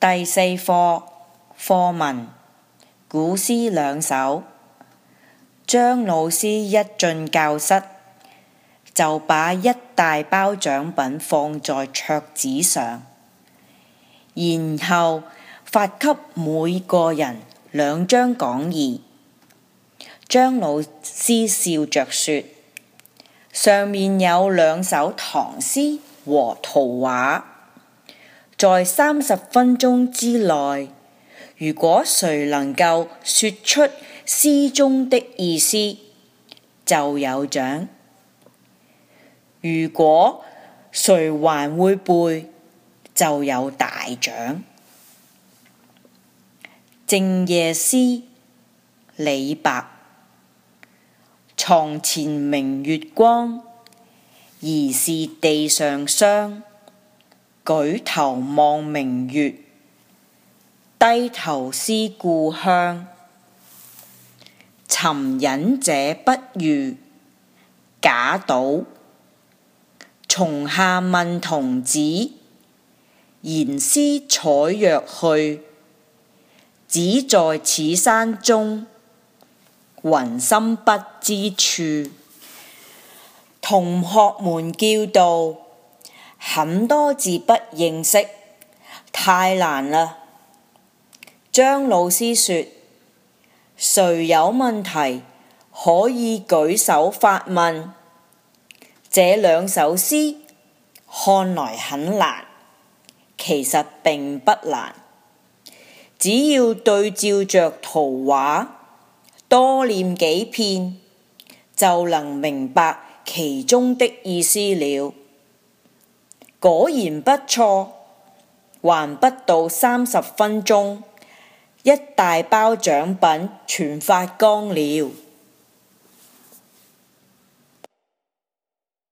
第四課課文古詩兩首。張老師一進教室，就把一大包獎品放在桌子上，然後發給每個人兩張講義。張老師笑着說：上面有兩首唐詩和圖畫。在三十分鐘之內，如果誰能夠説出詩中的意思，就有獎；如果誰還會背，就有大獎。《靜夜思》，李白。床前明月光，疑是地上霜。舉頭望明月，低頭思故鄉。尋隱者不遇，賈島。松下問童子，言師採藥去。只在此山中，雲深不知處。同學們叫道。很多字不認識，太難啦。張老師說，誰有問題可以舉手發問。這兩首詩看來很難，其實並不難，只要對照着圖畫，多念幾遍，就能明白其中的意思了。果然不錯，還不到三十分鐘，一大包獎品全發光了。